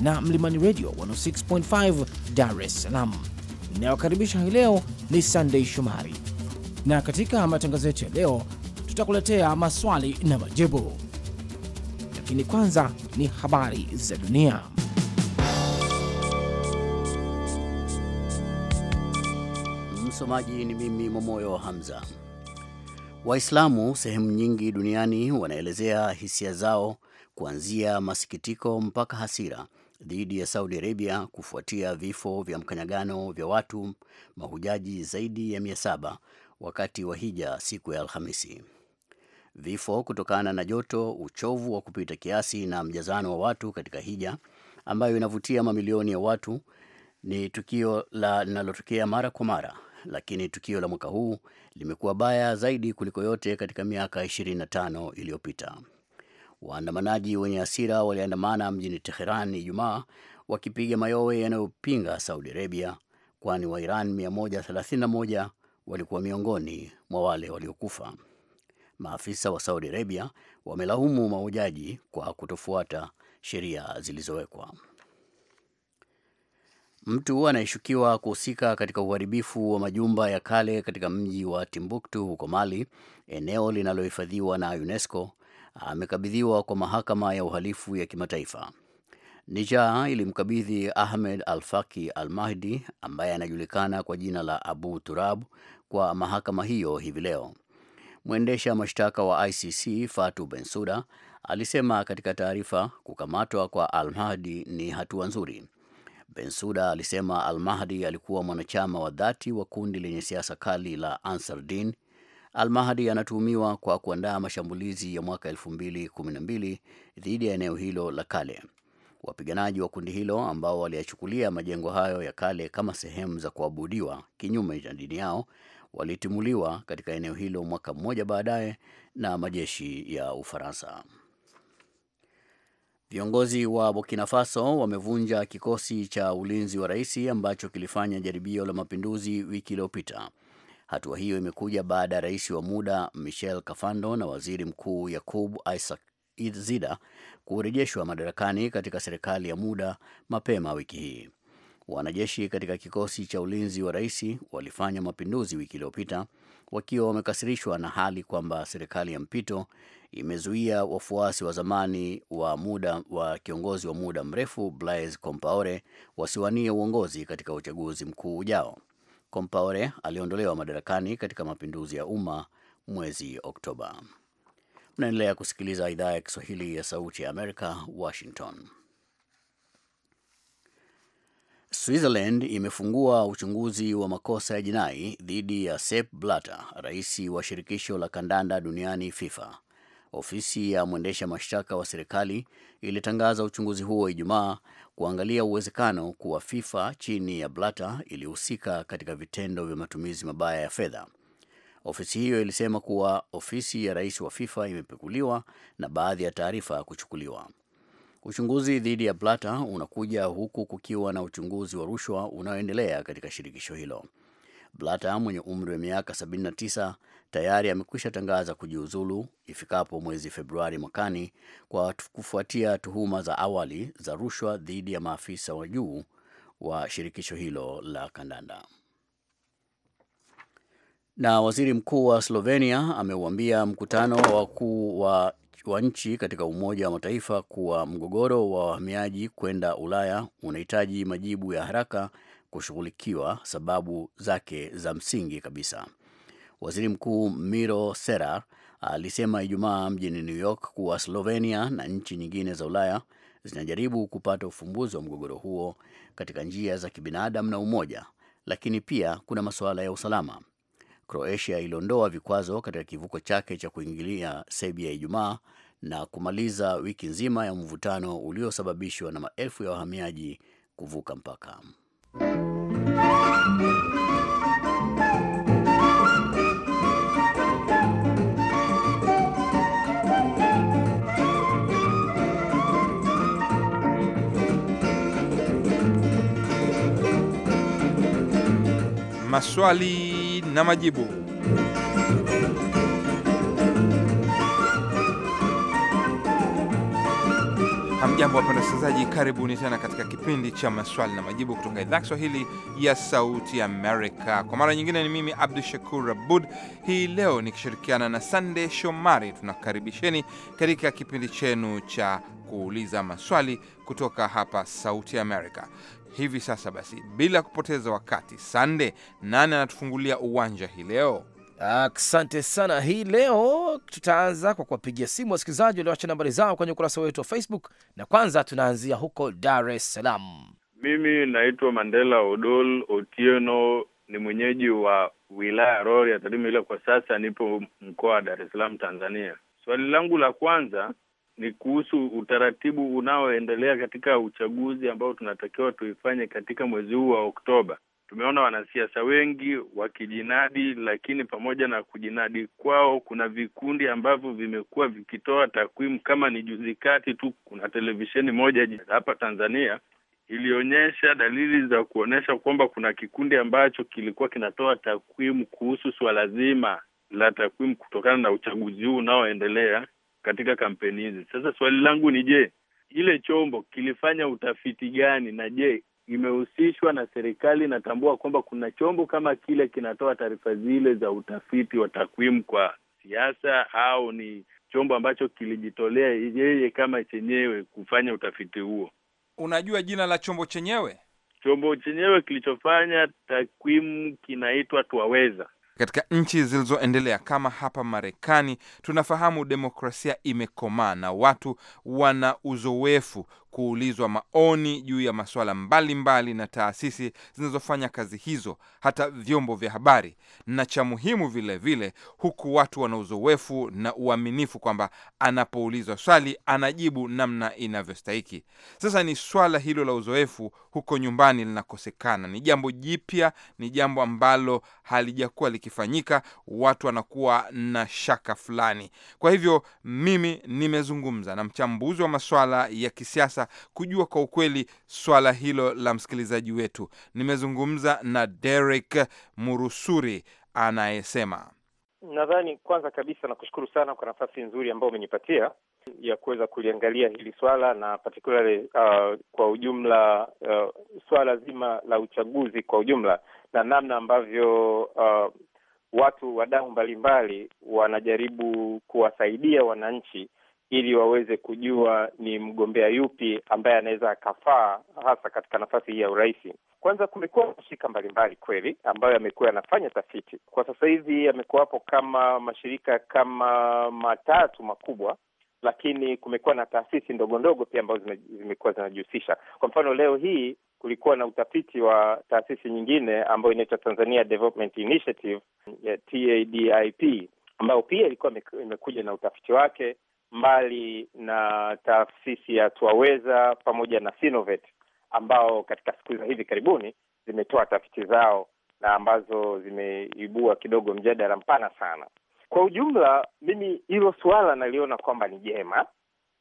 na Mlimani Radio 106.5 Dar es Salaam. Inayokaribisha hii leo ni Sunday Shomari, na katika matangazo yetu ya leo tutakuletea maswali na majibu, lakini kwanza ni habari za dunia. Msomaji ni mimi Momoyo Hamza. Waislamu sehemu nyingi duniani wanaelezea hisia zao kuanzia masikitiko mpaka hasira dhidi ya Saudi Arabia kufuatia vifo vya mkanyagano vya watu mahujaji zaidi ya mia saba wakati wa hija siku ya Alhamisi. Vifo kutokana na joto, uchovu wa kupita kiasi na mjazano wa watu katika hija ambayo inavutia mamilioni ya watu ni tukio linalotokea mara kwa mara, lakini tukio la mwaka huu limekuwa baya zaidi kuliko yote katika miaka 25 iliyopita. Waandamanaji wenye hasira waliandamana mjini Teheran Ijumaa wakipiga mayowe yanayopinga Saudi Arabia, kwani Wairan 131 walikuwa miongoni mwa wale waliokufa. Maafisa wa Saudi Arabia wamelaumu maujaji kwa kutofuata sheria zilizowekwa. Mtu anayeshukiwa kuhusika katika uharibifu wa majumba ya kale katika mji wa Timbuktu huko Mali, eneo linalohifadhiwa na UNESCO, amekabidhiwa kwa mahakama ya uhalifu ya kimataifa. Nija ilimkabidhi Ahmed Al-Faki Al-Mahdi ambaye anajulikana kwa jina la Abu Turab kwa mahakama hiyo hivi leo. Mwendesha mashtaka wa ICC Fatu Bensuda alisema katika taarifa, kukamatwa kwa Al-Mahdi ni hatua nzuri. Bensuda alisema Al-Mahdi alikuwa mwanachama wa dhati wa kundi lenye siasa kali la Ansar Din Al-Mahdi anatuhumiwa kwa kuandaa mashambulizi ya mwaka 2012 dhidi ya eneo hilo la kale. Wapiganaji wa kundi hilo ambao waliyachukulia majengo hayo ya kale kama sehemu za kuabudiwa kinyume cha dini yao walitimuliwa katika eneo hilo mwaka mmoja baadaye na majeshi ya Ufaransa. Viongozi wa Burkina Faso wamevunja kikosi cha ulinzi wa rais ambacho kilifanya jaribio la mapinduzi wiki iliyopita Hatua hiyo imekuja baada ya rais wa muda Michel Kafando na waziri mkuu Yakub Isaac Zida kurejeshwa madarakani katika serikali ya muda mapema wiki hii. Wanajeshi katika kikosi cha ulinzi wa rais walifanya mapinduzi wiki iliyopita wakiwa wamekasirishwa na hali kwamba serikali ya mpito imezuia wafuasi wa zamani wa muda wa kiongozi wa muda mrefu Blaise Compaore wasiwanie uongozi katika uchaguzi mkuu ujao. Compaore aliondolewa madarakani katika mapinduzi ya umma mwezi Oktoba. Mnaendelea kusikiliza idhaa ya Kiswahili ya Sauti ya Amerika, Washington. Switzerland imefungua uchunguzi wa makosa ya jinai dhidi ya Sepp Blatter, rais wa shirikisho la kandanda duniani FIFA, Ofisi ya mwendesha mashtaka wa serikali ilitangaza uchunguzi huo Ijumaa kuangalia uwezekano kuwa FIFA chini ya Blatter ilihusika katika vitendo vya matumizi mabaya ya fedha. Ofisi hiyo ilisema kuwa ofisi ya rais wa FIFA imepekuliwa na baadhi ya taarifa kuchukuliwa. Uchunguzi dhidi ya Blatter unakuja huku kukiwa na uchunguzi wa rushwa unaoendelea katika shirikisho hilo. Blata mwenye umri wa miaka 79 tayari amekwisha tangaza kujiuzulu ifikapo mwezi Februari mwakani kwa kufuatia tuhuma za awali za rushwa dhidi ya maafisa wa juu wa shirikisho hilo la kandanda. Na waziri mkuu wa Slovenia ameuambia mkutano wa wakuu wa wa nchi katika Umoja wa Mataifa kuwa mgogoro wa wahamiaji kwenda Ulaya unahitaji majibu ya haraka kushughulikiwa sababu zake za msingi kabisa. Waziri Mkuu Miro sera alisema Ijumaa mjini New York kuwa Slovenia na nchi nyingine za Ulaya zinajaribu kupata ufumbuzi wa mgogoro huo katika njia za kibinadamu na umoja, lakini pia kuna masuala ya usalama. Croatia iliondoa vikwazo katika kivuko chake cha kuingilia Serbia Ijumaa na kumaliza wiki nzima ya mvutano uliosababishwa na maelfu ya wahamiaji kuvuka mpaka. Maswali na majibu. Hamjambo, wapenda wasikilizaji, karibuni tena katika kipindi cha maswali na majibu kutoka idhaa Kiswahili ya Sauti Amerika. Kwa mara nyingine, ni mimi Abdu Shakur Abud, hii leo nikishirikiana na Sande Shomari. Tunakaribisheni katika kipindi chenu cha kuuliza maswali kutoka hapa Sauti Amerika hivi sasa. Basi, bila kupoteza wakati, Sande, nani anatufungulia uwanja hii leo? Asante sana. Hii leo tutaanza kwa kuwapigia simu wasikilizaji walioacha nambari zao kwenye ukurasa wetu wa Facebook, na kwanza tunaanzia huko Dar es Salaam. Mimi naitwa Mandela Odol Otieno, ni mwenyeji wa wilaya ya Tarime, ila kwa sasa nipo mkoa wa Dar es Salaam, Tanzania. Swali langu la kwanza ni kuhusu utaratibu unaoendelea katika uchaguzi ambao tunatakiwa tuifanye katika mwezi huu wa Oktoba tumeona wanasiasa wengi wakijinadi, lakini pamoja na kujinadi kwao, kuna vikundi ambavyo vimekuwa vikitoa takwimu. Kama ni juzi kati tu, kuna televisheni moja hapa Tanzania ilionyesha dalili za kuonyesha kwamba kuna kikundi ambacho kilikuwa kinatoa takwimu kuhusu suala zima la takwimu kutokana na uchaguzi huu unaoendelea katika kampeni hizi. Sasa swali langu ni je, ile chombo kilifanya utafiti gani? Na je, imehusishwa na serikali inatambua kwamba kuna chombo kama kile kinatoa taarifa zile za utafiti wa takwimu kwa siasa au ni chombo ambacho kilijitolea yeye kama chenyewe kufanya utafiti huo. Unajua jina la chombo chenyewe? Chombo chenyewe kilichofanya takwimu kinaitwa Twaweza. Katika nchi zilizoendelea kama hapa Marekani, tunafahamu demokrasia imekomaa na watu wana uzoefu kuulizwa maoni juu ya masuala mbalimbali na taasisi zinazofanya kazi hizo, hata vyombo vya habari, na cha muhimu vilevile, huku watu wana uzoefu na uaminifu kwamba anapoulizwa swali anajibu namna inavyostahiki. Sasa ni swala hilo la uzoefu huko nyumbani linakosekana. Ni jambo jipya, ni jambo ambalo halijakuwa likifanyika. Watu wanakuwa na shaka fulani. Kwa hivyo mimi nimezungumza na mchambuzi wa masuala ya kisiasa kujua kwa ukweli swala hilo la msikilizaji wetu. Nimezungumza na Derek Murusuri anayesema Nadhani kwanza kabisa nakushukuru sana kwa nafasi nzuri ambayo umenipatia ya kuweza kuliangalia hili swala na particularly uh, kwa ujumla uh, swala zima la uchaguzi kwa ujumla na namna ambavyo uh, watu wadau mbalimbali wanajaribu kuwasaidia wananchi ili waweze kujua ni mgombea yupi ambaye anaweza akafaa hasa katika nafasi hii ya urais. Kwanza, kumekuwa mashirika mbalimbali kweli ambayo yamekuwa yanafanya tafiti. Kwa sasa hivi yamekuwapo kama mashirika kama matatu makubwa, lakini kumekuwa na taasisi ndogo ndogo pia ambazo zimekuwa zinajihusisha. Kwa mfano, leo hii kulikuwa na utafiti wa taasisi nyingine ambayo inaitwa Tanzania Development Initiative ya TADIP ambayo pia ilikuwa imekuja na utafiti wake mbali na taasisi ya Twaweza pamoja na Sinovet ambao katika siku za hivi karibuni zimetoa tafiti zao na ambazo zimeibua kidogo mjadala mpana sana. Kwa ujumla, mimi hilo suala naliona kwamba ni jema,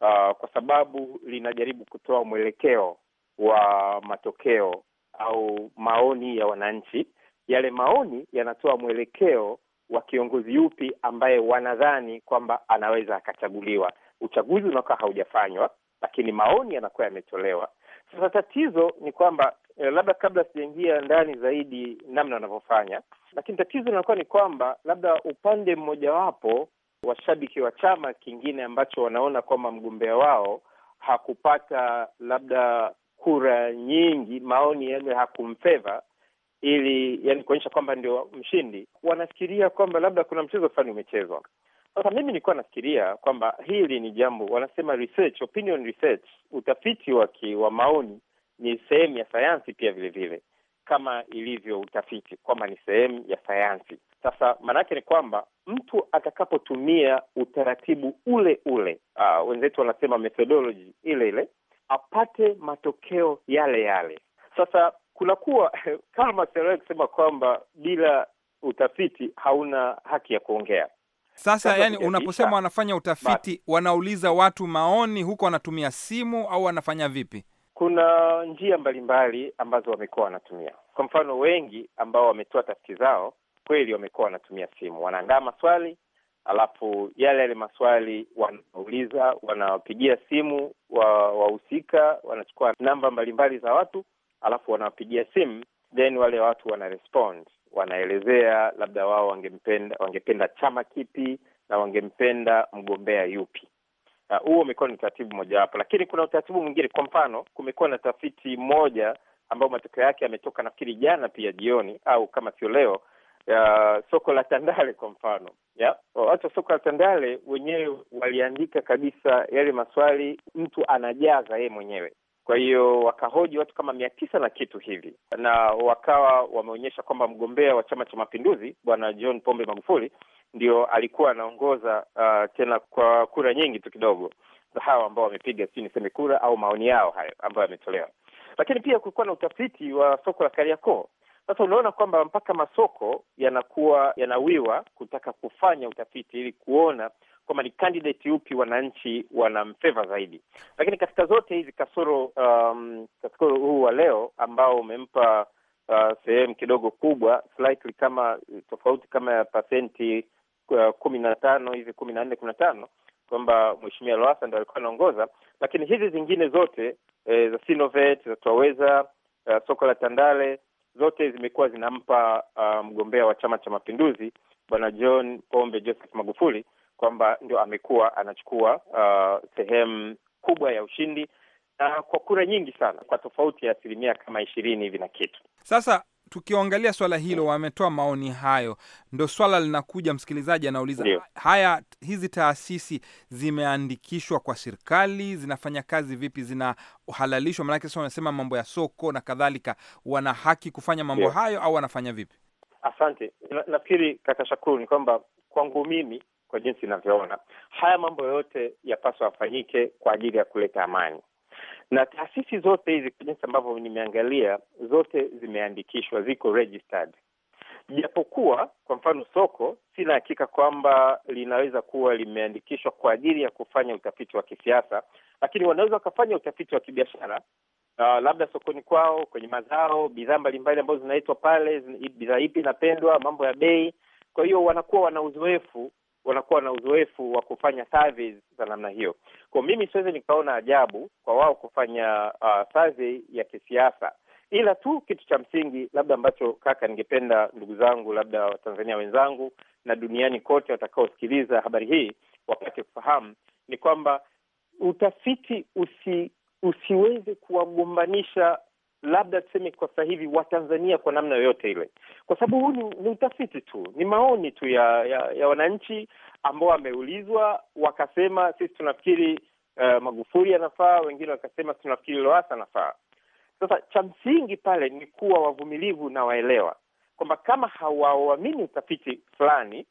uh, kwa sababu linajaribu kutoa mwelekeo wa matokeo au maoni ya wananchi. Yale maoni yanatoa mwelekeo wa kiongozi yupi ambaye wanadhani kwamba anaweza akachaguliwa. Uchaguzi unakuwa haujafanywa, lakini maoni yanakuwa yametolewa. Sasa tatizo ni kwamba eh, labda kabla sijaingia ndani zaidi namna wanavyofanya, lakini tatizo linakuwa ni kwamba labda upande mmojawapo washabiki wa chama kingine ambacho wanaona kwamba mgombea wao hakupata labda kura nyingi, maoni yale hakumfeva, ili yani kuonyesha kwamba ndio mshindi. Wanafikiria kwamba labda kuna mchezo fulani umechezwa. Sasa mimi nilikuwa nafikiria kwamba hili ni jambo wanasema research, opinion research, utafiti wa wa maoni ni sehemu ya sayansi pia vile vile kama ilivyo utafiti kwamba ni sehemu ya sayansi. Sasa maanake ni kwamba mtu atakapotumia utaratibu ule ule, uh, wenzetu wanasema methodology ile ile, apate matokeo yale yale. Sasa kunakuwa kama serikali kusema kwamba bila utafiti hauna haki ya kuongea. Sasa Kando yani, unaposema wanafanya utafiti But, wanauliza watu maoni huko, wanatumia simu au wanafanya vipi? Kuna njia mbalimbali mbali ambazo wamekuwa wanatumia. Kwa mfano, wengi ambao wametoa tafiti zao kweli wamekuwa wanatumia simu, wanaandaa maswali alafu yale yale maswali wanauliza, wanawapigia simu wahusika, wa wanachukua namba mbalimbali za watu, alafu wanawapigia simu, then wale watu respond wanaelezea labda wao wangependa wangependa chama kipi na wangempenda mgombea yupi. Huo umekuwa ni utaratibu mojawapo, lakini kuna utaratibu mwingine. Kwa mfano, kumekuwa na tafiti moja ambayo matokeo yake yametoka nafikiri jana pia jioni au kama sio leo, ya soko la Tandale kwa mfano. Watu wa soko la Tandale wenyewe waliandika kabisa yale maswali mtu anajaza yeye mwenyewe, kwa hiyo wakahoji watu kama mia tisa na kitu hivi, na wakawa wameonyesha kwamba mgombea wa Chama cha Mapinduzi Bwana John Pombe Magufuli ndio alikuwa anaongoza uh, tena kwa kura nyingi tu kidogo za hawa ambao wamepiga sijui niseme kura au maoni yao hayo ambayo yametolewa. Lakini pia kulikuwa na utafiti wa soko la Kariakoo. Sasa unaona kwamba mpaka masoko yanakuwa yanawiwa kutaka kufanya utafiti ili kuona kwamba ni candidate yupi wananchi wanamfeva zaidi. Lakini katika zote hizi kasoro, um, kasoro huu wa leo ambao umempa uh, sehemu kidogo kubwa slightly kama tofauti kama ya pasenti uh, kumi na tano hivi kumi na nne kumi na tano kwamba Mheshimiwa Lowassa ndo alikuwa anaongoza, lakini hizi zingine zote e, za Sinovet za Twaweza uh, soko la Tandale zote zimekuwa zinampa uh, mgombea wa Chama cha Mapinduzi Bwana John Pombe Joseph Magufuli kwamba ndio amekuwa anachukua uh, sehemu kubwa ya ushindi na kwa kura nyingi sana, kwa tofauti ya asilimia kama ishirini hivi na kitu. Sasa tukiangalia swala hilo, wametoa maoni hayo, ndo swala linakuja, msikilizaji anauliza Dio. haya hizi taasisi zimeandikishwa kwa serikali, zinafanya kazi vipi, zinahalalishwa? Maanake sasa wanasema mambo ya soko na kadhalika, wana haki kufanya mambo Dio. hayo au wanafanya vipi? Asante. Nafikiri kaka Shakuru, ni kwamba kwangu mimi kwa jinsi inavyoona, haya mambo yote yapaswa afanyike kwa ajili ya kuleta amani na taasisi zote hizi kwa jinsi ambavyo nimeangalia, zote zimeandikishwa, ziko registered, japokuwa kwa mfano soko, sina hakika kwamba linaweza kuwa limeandikishwa kwa ajili ya kufanya utafiti wa kisiasa, lakini wanaweza wakafanya utafiti wa kibiashara, uh, labda sokoni kwao, kwenye mazao, bidhaa mbalimbali ambazo zinaitwa pale, bidhaa ipi inapendwa, mambo ya bei. Kwa hiyo wanakuwa wana uzoefu wanakuwa na uzoefu wa kufanya surveys za namna hiyo. Kwa mimi siwezi nikaona ajabu kwa wao kufanya uh, survey ya kisiasa, ila tu kitu cha msingi labda ambacho kaka, ningependa ndugu zangu, labda Watanzania wenzangu na duniani kote watakaosikiliza habari hii wapate kufahamu ni kwamba utafiti usi, usiweze kuwagombanisha labda tuseme kwa sasa hivi Watanzania kwa namna yoyote ile, kwa sababu huu ni, ni utafiti tu, ni maoni tu ya ya, ya wananchi ambao wameulizwa wakasema, sisi tunafikiri uh, Magufuli anafaa, wengine wakasema tunafikiri Lowassa anafaa. Sasa cha msingi pale ni kuwa wavumilivu na waelewa kwamba kama hawauamini utafiti fulani,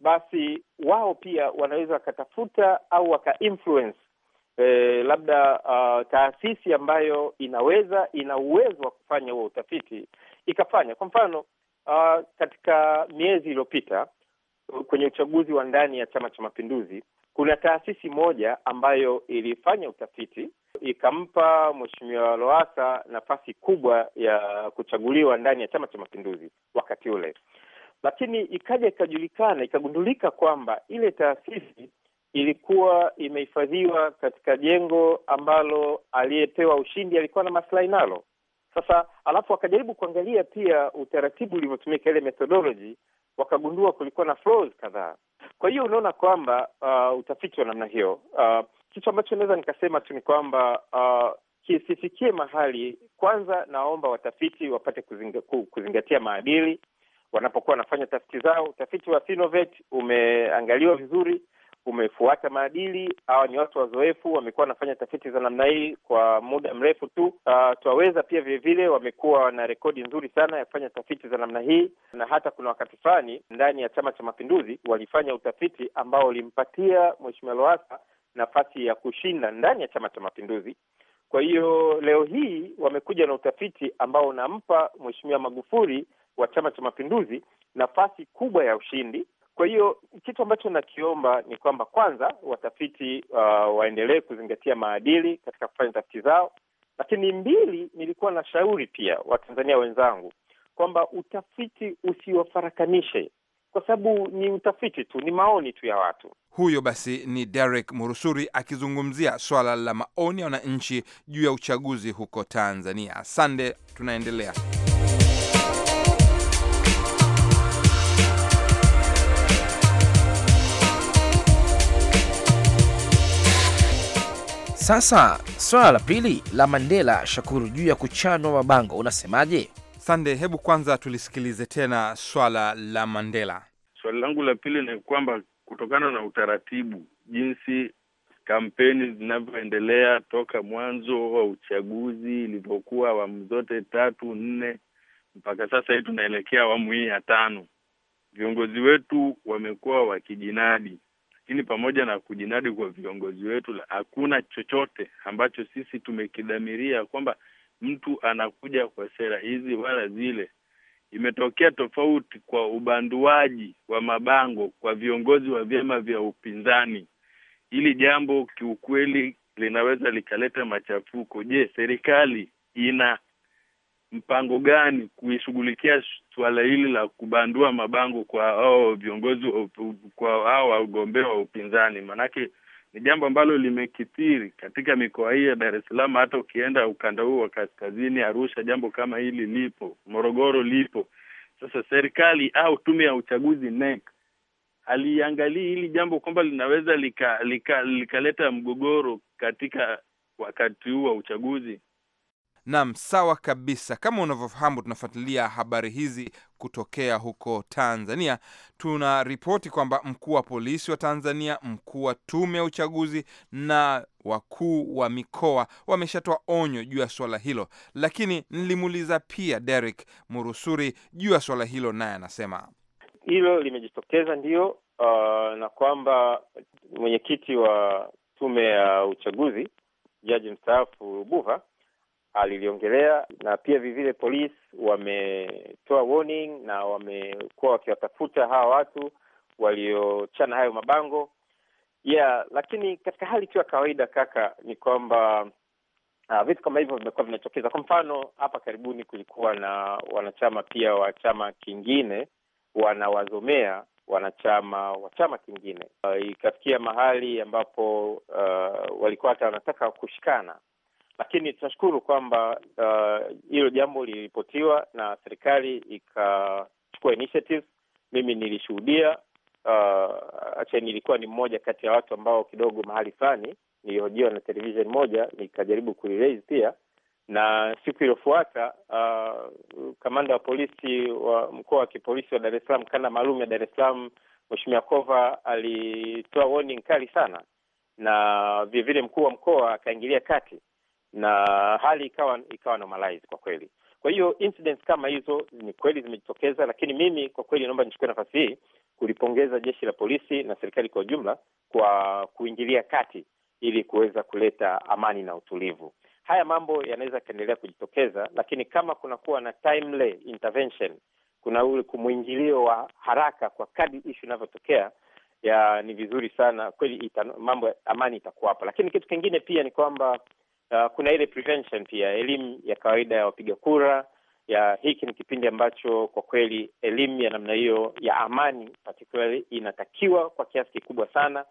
basi wao pia wanaweza wakatafuta au wakainfluence eh, labda uh, taasisi ambayo inaweza ina uwezo wa kufanya huo utafiti ikafanya. Kwa mfano uh, katika miezi iliyopita kwenye uchaguzi wa ndani ya Chama cha Mapinduzi kuna taasisi moja ambayo ilifanya utafiti ikampa Mheshimiwa loasa nafasi kubwa ya kuchaguliwa ndani ya Chama cha Mapinduzi wakati ule, lakini ikaja ikajulikana, ikagundulika kwamba ile taasisi ilikuwa imehifadhiwa katika jengo ambalo aliyepewa ushindi alikuwa na maslahi nalo. Sasa alafu wakajaribu kuangalia pia utaratibu ulivyotumika, ile methodology, wakagundua kulikuwa na flaws kadhaa. Kwa hiyo unaona kwamba uh, utafiti wa namna hiyo uh, kitu ambacho naweza nikasema tu ni kwamba uh, kisifikie mahali. Kwanza naomba watafiti wapate kuzinga, kuzingatia maadili wanapokuwa wanafanya tafiti zao. Utafiti wa umeangaliwa vizuri umefuata maadili. Hawa ni watu wazoefu, wamekuwa wanafanya tafiti za namna hii kwa muda mrefu tu. Uh, twaweza pia vilevile wamekuwa na rekodi nzuri sana ya kufanya tafiti za namna hii, na hata kuna wakati fulani ndani ya Chama cha Mapinduzi walifanya utafiti ambao ulimpatia Mheshimiwa Lowassa nafasi ya kushinda ndani ya Chama cha Mapinduzi. Kwa hiyo leo hii wamekuja na utafiti ambao unampa Mheshimiwa Magufuli wa Chama cha Mapinduzi nafasi kubwa ya ushindi kwa hiyo kitu ambacho nakiomba ni kwamba kwanza watafiti uh, waendelee kuzingatia maadili katika kufanya tafiti zao, lakini mbili, nilikuwa na shauri pia Watanzania wenzangu kwamba utafiti usiwafarakanishe kwa sababu ni utafiti tu, ni maoni tu ya watu. Huyo basi ni Derek Murusuri akizungumzia swala la maoni ya wananchi juu ya uchaguzi huko Tanzania. Asante, tunaendelea. Sasa swala la pili la Mandela Shakuru juu ya kuchanwa mabango unasemaje? Sande, hebu kwanza tulisikilize tena swala la Mandela. Swali langu la pili ni kwamba kutokana na utaratibu jinsi kampeni zinavyoendelea toka mwanzo wa uchaguzi ilivyokuwa awamu zote tatu nne, mpaka sasa hii tunaelekea awamu hii ya tano, viongozi wetu wamekuwa wakijinadi lakini pamoja na kujinadi kwa viongozi wetu. Hakuna chochote ambacho sisi tumekidhamiria kwamba mtu anakuja kwa sera hizi wala zile. Imetokea tofauti kwa ubanduaji wa mabango kwa viongozi wa vyama vya upinzani. Hili jambo kiukweli linaweza likaleta machafuko. Je, serikali ina mpango gani kuishughulikia suala hili la kubandua mabango kwa hao viongozi, kwa hao wagombea wa upinzani? Maanake ni jambo ambalo limekithiri katika mikoa hii ya Dar es Salaam. Hata ukienda ukanda huu wa kaskazini, Arusha, jambo kama hili lipo, Morogoro lipo. Sasa serikali au tume ya uchaguzi NEC aliangalii hili jambo kwamba linaweza likaleta lika, lika mgogoro katika wakati huu wa uchaguzi Nam, sawa kabisa. Kama unavyofahamu, tunafuatilia habari hizi kutokea huko Tanzania. Tuna ripoti kwamba mkuu wa polisi wa Tanzania, mkuu wa tume ya uchaguzi na wakuu wa mikoa wameshatoa onyo juu ya swala hilo, lakini nilimuuliza pia Derek Murusuri juu ya swala hilo, naye anasema hilo limejitokeza ndiyo. Uh, na kwamba mwenyekiti wa tume ya uchaguzi jaji mstaafu buva aliliongelea, na pia vivile polisi wametoa warning na wamekuwa wakiwatafuta hawa watu waliochana hayo mabango yeah. Lakini katika hali tu ya kawaida kaka, ni kwamba uh, vitu kama hivyo vimekuwa vinatokeza. Kwa mfano, hapa karibuni kulikuwa na wanachama pia wa chama kingine wanawazomea wanachama wa chama kingine uh, ikafikia mahali ambapo uh, walikuwa hata wanataka kushikana lakini tunashukuru kwamba uh, hilo uh, jambo liliripotiwa na serikali ikachukua Mimi nilishuhudia uh, acha nilikuwa ni mmoja kati ya watu ambao kidogo mahali fulani nilihojiwa na television moja, nikajaribu ku pia na siku iliyofuata uh, kamanda wa polisi wa mkoa wa kipolisi wa Dar es Salaam, kanda maalum ya Dar es Salaam, Mheshimiwa Kova alitoa warning kali sana, na vilevile mkuu wa mkoa akaingilia kati na hali ikawa ikawa normalize kwa kweli. Kwa hiyo incidents kama hizo ni kweli zimejitokeza, lakini mimi kwa kweli naomba nichukue nafasi hii kulipongeza jeshi la polisi na serikali kwa ujumla kwa kuingilia kati ili kuweza kuleta amani na utulivu. Haya mambo yanaweza yakaendelea kujitokeza, lakini kama kunakuwa na timely intervention, kuna ule kumwingilio wa haraka kwa kadi ishu inavyotokea, ya ni vizuri sana kweli ita, mambo amani itakuwapa Lakini kitu kingine pia ni kwamba Uh, kuna ile prevention pia, elimu ya kawaida ya wapiga kura ya hiki ni kipindi ambacho kwa kweli elimu ya namna hiyo ya amani particularly inatakiwa kwa kiasi kikubwa sana,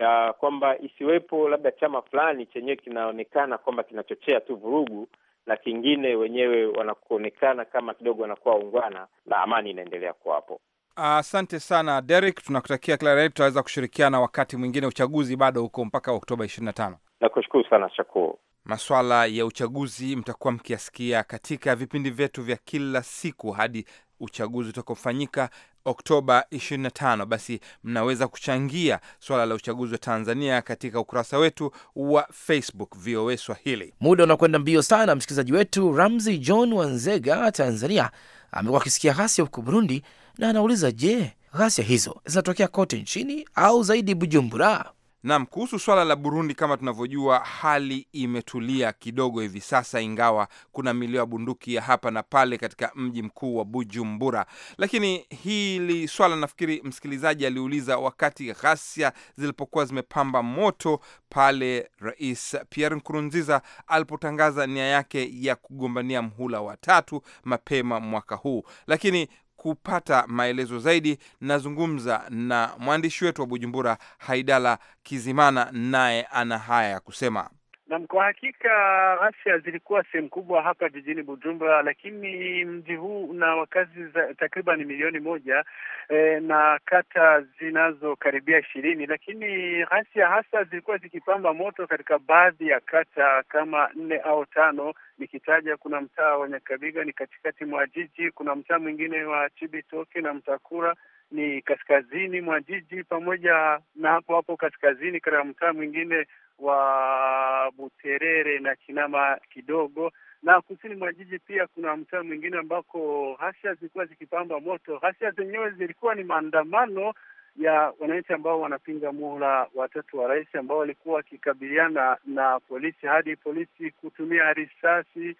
uh, kwamba isiwepo labda chama fulani chenyewe kinaonekana kwamba kinachochea tu vurugu na kingine wenyewe wanakuonekana kama kidogo wanakuwa ungwana na amani inaendelea kuwapo. Asante uh, sana Derek, tunakutakia kila la tutaweza kushirikiana wakati mwingine. Uchaguzi bado huko mpaka Oktoba ishirini na tano. Nakushukuru sana Shakuru maswala ya uchaguzi mtakuwa mkiasikia katika vipindi vyetu vya kila siku hadi uchaguzi utakaofanyika Oktoba 25. Basi mnaweza kuchangia swala la uchaguzi wa Tanzania katika ukurasa wetu wa Facebook VOA Swahili. Muda unakwenda mbio sana. Msikilizaji wetu Ramzi John Wanzega Tanzania amekuwa akisikia ghasia huko Burundi na anauliza, je, ghasia hizo zinatokea kote nchini au zaidi Bujumbura? Naam, kuhusu swala la Burundi, kama tunavyojua, hali imetulia kidogo hivi sasa, ingawa kuna milio ya bunduki ya hapa na pale katika mji mkuu wa Bujumbura. Lakini hili swala, nafikiri msikilizaji aliuliza wakati ghasia zilipokuwa zimepamba moto pale Rais Pierre Nkurunziza alipotangaza nia yake ya kugombania mhula wa tatu mapema mwaka huu, lakini kupata maelezo zaidi, nazungumza na mwandishi wetu wa Bujumbura, Haidala Kizimana, naye ana haya ya kusema. Nam, kwa hakika ghasia zilikuwa sehemu kubwa hapa jijini Bujumbura, lakini mji huu una wakazi takriban milioni moja e, na kata zinazokaribia ishirini, lakini ghasia hasa zilikuwa zikipamba moto katika baadhi ya kata kama nne au tano. Nikitaja, kuna mtaa wa Nyakabiga ni katikati mwa jiji, kuna mtaa mwingine wa Chibitoke na Mtakura ni kaskazini mwa jiji pamoja na hapo hapo kaskazini katika mtaa mwingine wa Buterere na Kinama kidogo, na kusini mwa jiji pia kuna mtaa mwingine ambako hasia zilikuwa zikipamba moto. Hasia zenyewe zilikuwa ni maandamano ya wananchi ambao wanapinga muhula watatu wa rais ambao walikuwa wakikabiliana na polisi hadi polisi kutumia risasi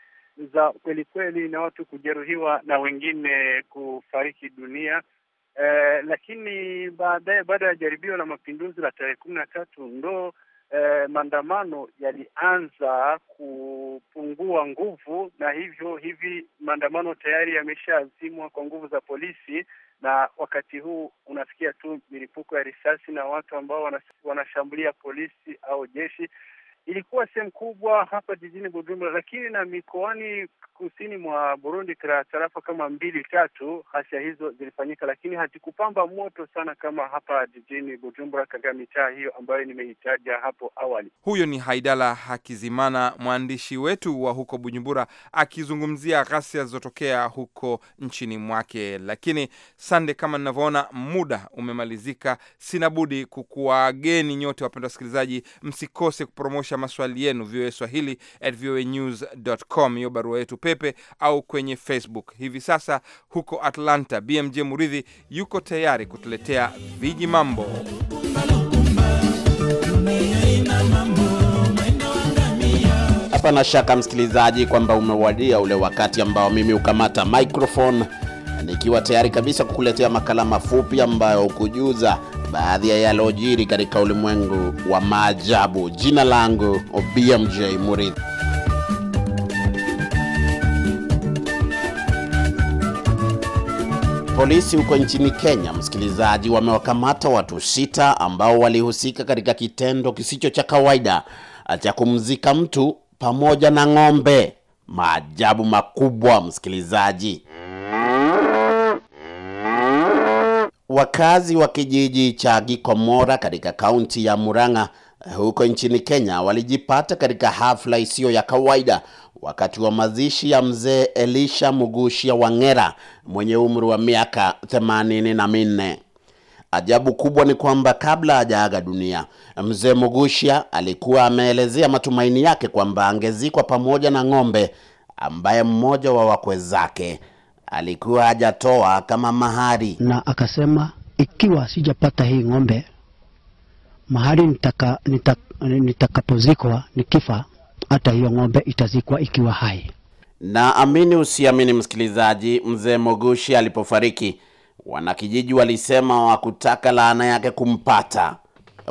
za kweli kweli na watu kujeruhiwa na wengine kufariki dunia eh, lakini baadaye baada ya jaribio la mapinduzi la tarehe kumi na tatu ndo eh, maandamano yalianza kupungua nguvu, na hivyo hivi maandamano tayari yameshaazimwa kwa nguvu za polisi, na wakati huu unasikia tu milipuko ya risasi na watu ambao wanashambulia polisi au jeshi ilikuwa sehemu kubwa hapa jijini Bujumbura, lakini na mikoani kusini mwa Burundi, tarafa kama mbili tatu, hasia hizo zilifanyika, lakini hazikupamba moto sana kama hapa jijini Bujumbura, katika mitaa hiyo ambayo nimehitaja hapo awali. Huyo ni Haidala Hakizimana, mwandishi wetu wa huko Bujumbura, akizungumzia ghasia zilizotokea huko nchini mwake. Lakini sande, kama ninavyoona muda umemalizika, sina budi kukuwageni nyote, wapendwa wasikilizaji, msikose kupromote kuwasilisha maswali yenu VOA Swahili at com, hiyo barua yetu pepe, au kwenye Facebook. Hivi sasa huko Atlanta, BMJ Muridhi yuko tayari kutuletea viji mambo. Hapana shaka msikilizaji, kwamba umewadia ule wakati ambao mimi hukamata microphone nikiwa tayari kabisa kukuletea makala mafupi ambayo hukujuza baadhi ya yalojiri katika ulimwengu wa maajabu. Jina langu BMJ Muridhi. Polisi huko nchini Kenya, msikilizaji, wamewakamata watu sita ambao walihusika katika kitendo kisicho cha kawaida cha kumzika mtu pamoja na ng'ombe. Maajabu makubwa, msikilizaji. Wakazi wa kijiji cha Gikomora katika kaunti ya Murang'a eh, huko nchini Kenya walijipata katika hafla isiyo ya kawaida wakati wa mazishi ya mzee Elisha Mugushia Wangera mwenye umri wa miaka themanini na minne. Ajabu kubwa ni kwamba kabla hajaaga dunia, mzee Mugushia alikuwa ameelezea matumaini yake kwamba angezikwa pamoja na ng'ombe ambaye mmoja wa wakwe zake alikuwa hajatoa kama mahari, na akasema ikiwa sijapata hii ng'ombe mahari nitaka, nitaka, nitakapozikwa nikifa, hata hiyo ng'ombe itazikwa ikiwa hai. Na amini usiamini, msikilizaji, mzee Mogushi alipofariki, wanakijiji walisema wakutaka laana yake kumpata.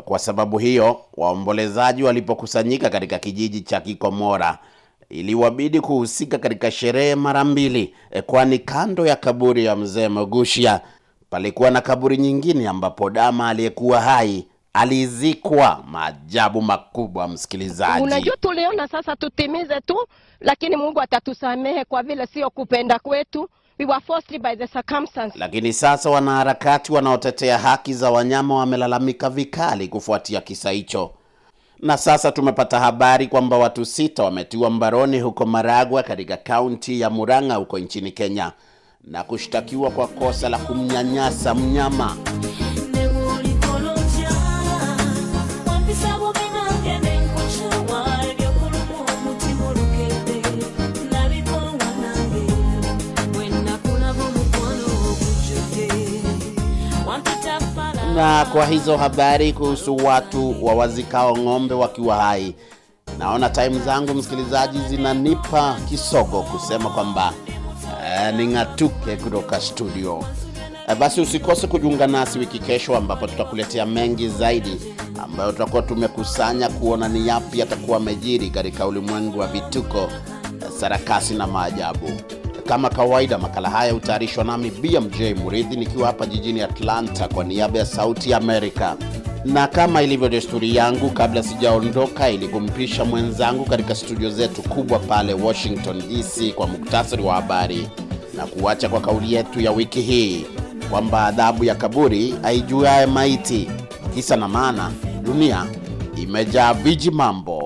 Kwa sababu hiyo, waombolezaji walipokusanyika katika kijiji cha Kikomora iliwabidi kuhusika katika sherehe mara mbili, eh, kwani kando ya kaburi ya mzee Mughusha palikuwa na kaburi nyingine ambapo dama aliyekuwa hai alizikwa. Maajabu makubwa, msikilizaji. Unajua, tuliona sasa tutimize tu, lakini Mungu atatusamehe kwa vile sio kupenda kwetu. We were by the Lakini sasa wanaharakati wanaotetea haki za wanyama wamelalamika vikali kufuatia kisa hicho. Na sasa tumepata habari kwamba watu sita wametiwa mbaroni huko Maragwa katika kaunti ya Murang'a huko nchini Kenya na kushtakiwa kwa kosa la kumnyanyasa mnyama. Na kwa hizo habari kuhusu watu wawazikao ng'ombe wakiwa hai, naona taimu zangu msikilizaji zinanipa kisogo kusema kwamba eh, ning'atuke kutoka studio. Eh, basi usikose kujiunga nasi wiki kesho, ambapo tutakuletea mengi zaidi ambayo tutakuwa tumekusanya kuona ni yapi yatakuwa amejiri katika ulimwengu wa vituko, eh, sarakasi na maajabu. Kama kawaida, makala haya hutayarishwa nami BMJ Muridhi nikiwa hapa jijini Atlanta kwa niaba ya Sauti ya Amerika, na kama ilivyo desturi yangu, kabla sijaondoka, kumpisha mwenzangu katika studio zetu kubwa pale Washington DC kwa muktasari wa habari na kuacha kwa kauli yetu ya wiki hii kwamba adhabu ya kaburi haijuaye maiti. Kisa na maana, dunia imejaa viji mambo.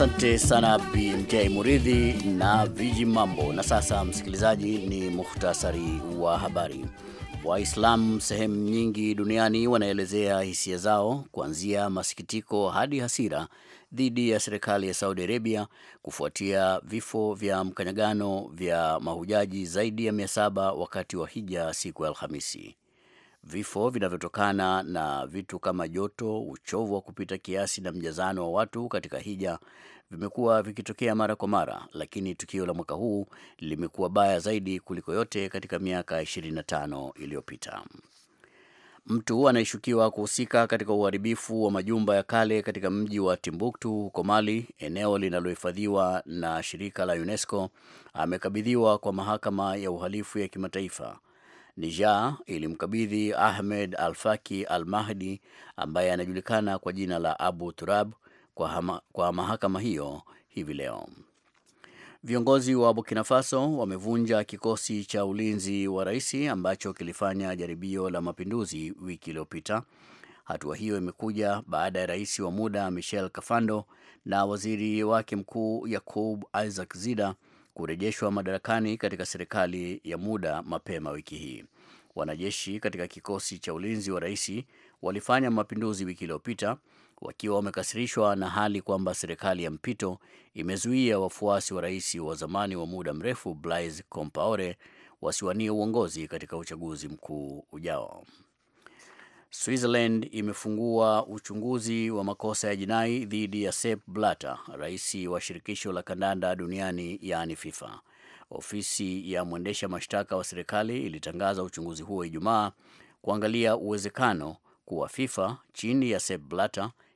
Asante sana BMJ Muridhi na Viji Mambo. Na sasa, msikilizaji, ni muhtasari wa habari. Waislamu sehemu nyingi duniani wanaelezea hisia zao kuanzia masikitiko hadi hasira dhidi ya serikali ya Saudi Arabia kufuatia vifo vya mkanyagano vya mahujaji zaidi ya saba wakati wa hija siku ya Alhamisi. Vifo vinavyotokana na vitu kama joto, uchovu wa kupita kiasi na mjazano wa watu katika hija vimekuwa vikitokea mara kwa mara, lakini tukio la mwaka huu limekuwa baya zaidi kuliko yote katika miaka 25 iliyopita. Mtu anayeshukiwa kuhusika katika uharibifu wa majumba ya kale katika mji wa Timbuktu huko Mali, eneo linalohifadhiwa na shirika la UNESCO, amekabidhiwa kwa mahakama ya uhalifu ya kimataifa. Nija ilimkabidhi Ahmed Alfaki Al Mahdi ambaye anajulikana kwa jina la Abu Turab kwa, hama, kwa mahakama hiyo hivi leo. Viongozi wa Burkina Faso wamevunja kikosi cha ulinzi wa rais ambacho kilifanya jaribio la mapinduzi wiki iliyopita. Hatua hiyo imekuja baada ya rais wa muda Michel Kafando na waziri wake mkuu Yakub Isaac Zida kurejeshwa madarakani katika serikali ya muda mapema wiki hii. Wanajeshi katika kikosi cha ulinzi wa rais walifanya mapinduzi wiki iliyopita wakiwa wamekasirishwa na hali kwamba serikali ya mpito imezuia wafuasi wa rais wa zamani wa muda mrefu Blaise Compaore wasiwanie uongozi katika uchaguzi mkuu ujao. Switzerland imefungua uchunguzi wa makosa ya jinai dhidi ya Sepp Blatter, rais wa shirikisho la kandanda duniani yaani FIFA. Ofisi ya mwendesha mashtaka wa serikali ilitangaza uchunguzi huo Ijumaa kuangalia uwezekano kuwa FIFA chini ya Sepp Blatter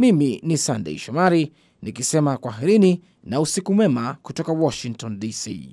mimi ni Sandei Shomari nikisema kwaherini na usiku mwema kutoka Washington DC.